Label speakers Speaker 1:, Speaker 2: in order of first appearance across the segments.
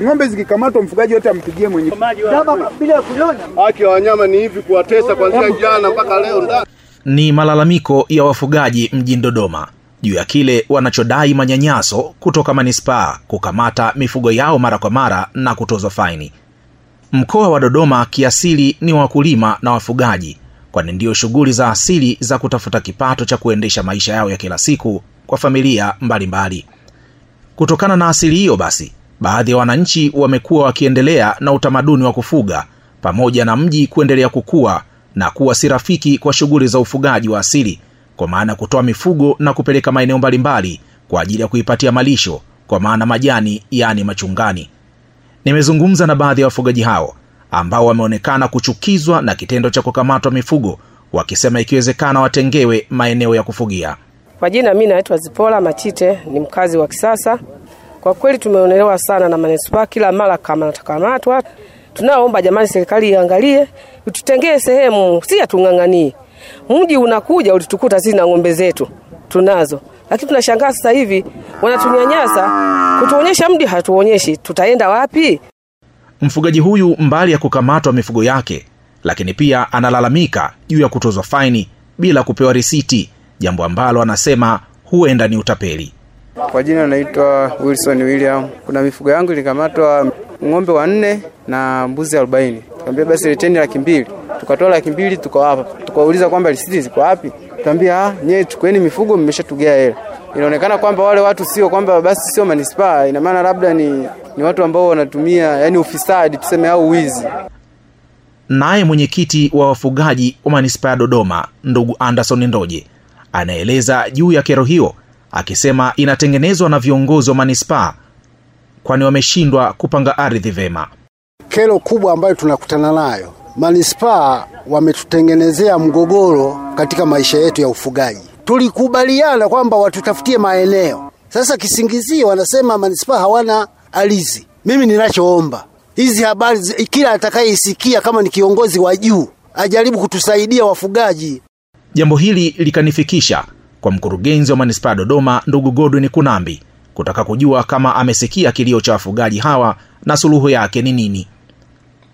Speaker 1: Ng'ombe zikikamatwa mfugaji wote ampigie mwenye bila Haki ya wanyama ni hivi kuwatesa kuanzia jana mpaka leo ndani.
Speaker 2: Ni malalamiko ya wafugaji mjini Dodoma juu ya kile wanachodai manyanyaso kutoka manispaa kukamata mifugo yao mara kwa mara na kutozwa faini. Mkoa wa Dodoma kiasili ni wakulima na wafugaji, kwani ndiyo shughuli za asili za kutafuta kipato cha kuendesha maisha yao ya kila siku kwa familia mbalimbali mbali. Kutokana na asili hiyo basi baadhi ya wananchi wamekuwa wakiendelea na utamaduni wa kufuga pamoja na mji kuendelea kukua na kuwa si rafiki kwa shughuli za ufugaji wa asili kwa maana kutoa mifugo na kupeleka maeneo mbalimbali kwa ajili ya kuipatia malisho kwa maana majani yaani machungani nimezungumza na baadhi ya wafugaji hao ambao wameonekana kuchukizwa na kitendo cha kukamatwa mifugo wakisema ikiwezekana watengewe maeneo ya kufugia kwa jina mi naitwa zipola machite ni mkazi wa kisasa kwa kweli tumeonelewa sana na manispa, kila mara kama natakamatwa. Tunaomba jamani, serikali iangalie, ututengee sehemu, si atung'ang'anie mji. Unakuja ulitukuta sisi na ng'ombe zetu tunazo, lakini tunashangaa sasa hivi wanatunyanyasa, kutuonyesha mji hatuonyeshi, tutaenda wapi? Mfugaji huyu mbali ya kukamatwa mifugo yake, lakini pia analalamika juu ya kutozwa faini bila kupewa risiti, jambo ambalo anasema huenda ni utapeli. Kwa jina naitwa Wilson William. Kuna mifugo yangu ilikamatwa, ng'ombe wanne na mbuzi arobaini. Tukaambia basi leteni laki mbili, tukatoa laki mbili hapa. Tukauliza kwamba risiti ziko wapi? Tukaambia ah, nyewe tukueni mifugo mmeshatugea hela. Inaonekana kwamba wale watu sio kwamba basi sio manispaa, ina maana labda ni, ni watu ambao wanatumia yani ufisadi tuseme au wizi. Naye mwenyekiti wa wafugaji wa manispaa ya Dodoma ndugu Anderson Ndoje anaeleza juu ya kero hiyo akisema inatengenezwa na viongozi wa manispaa kwani wameshindwa kupanga ardhi vema.
Speaker 1: Kero kubwa ambayo tunakutana nayo, manispaa wametutengenezea mgogoro katika maisha yetu ya ufugaji. Tulikubaliana kwamba watutafutie maeneo, sasa kisingizio wanasema manispaa hawana arizi Mimi ninachoomba hizi habari, kila atakayeisikia kama ni kiongozi wa juu ajaribu kutusaidia wafugaji.
Speaker 2: Jambo hili likanifikisha kwa mkurugenzi wa manispaa ya Dodoma ndugu Godwin Kunambi kutaka kujua kama amesikia kilio cha wafugaji hawa na suluhu yake ni nini.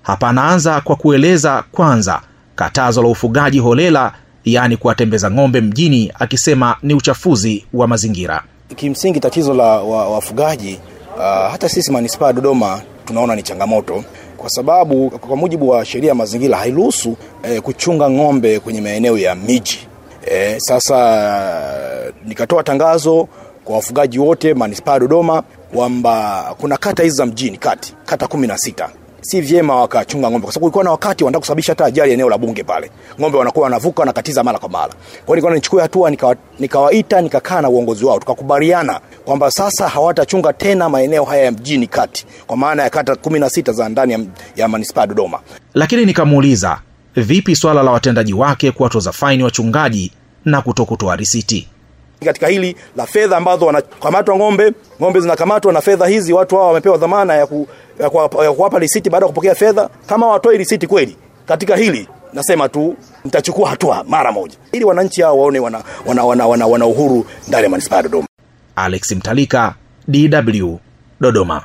Speaker 2: Hapa anaanza kwa kueleza kwanza katazo la ufugaji holela, yaani kuwatembeza ng'ombe mjini, akisema ni uchafuzi wa mazingira.
Speaker 1: Kimsingi tatizo la wafugaji wa uh, hata sisi manispaa ya Dodoma tunaona ni changamoto kwa sababu kwa mujibu wa sheria ya mazingira hairuhusu eh, kuchunga ng'ombe kwenye maeneo ya miji. E, sasa nikatoa tangazo kwa wafugaji wote manispaa ya Dodoma kwamba kuna kata hizi za mjini kati kata kumi na sita si vyema wakachunga ng'ombe kwa sababu kulikuwa na wakati wanataka kusababisha hata ajali eneo la bunge pale, ng'ombe wanakuwa wanavuka wanakatiza mara kwa mara. Kwa hiyo nilikuwa nichukue hatua, nikawaita, nikakaa na uongozi wao, tukakubaliana kwamba sasa hawatachunga tena maeneo haya ya mjini kati, kwa maana ya kata kumi na sita za ndani ya, ya manispaa ya Dodoma.
Speaker 2: Lakini nikamuuliza vipi swala la watendaji wake kuwatoza faini wachungaji na kutokutoa risiti
Speaker 1: katika hili la fedha ambazo wanakamatwa ng'ombe, ng'ombe zinakamatwa na fedha hizi, watu hao wamepewa dhamana ya, ku, ya, ku, ya kuwapa risiti baada ya kupokea fedha. Kama watoi risiti kweli katika hili, nasema tu nitachukua hatua mara moja, ili wananchi hao waone wana, wana, wana, wana, wana uhuru ndani ya manispaa ya Dodoma.
Speaker 2: Alex Mtalika, DW, Dodoma.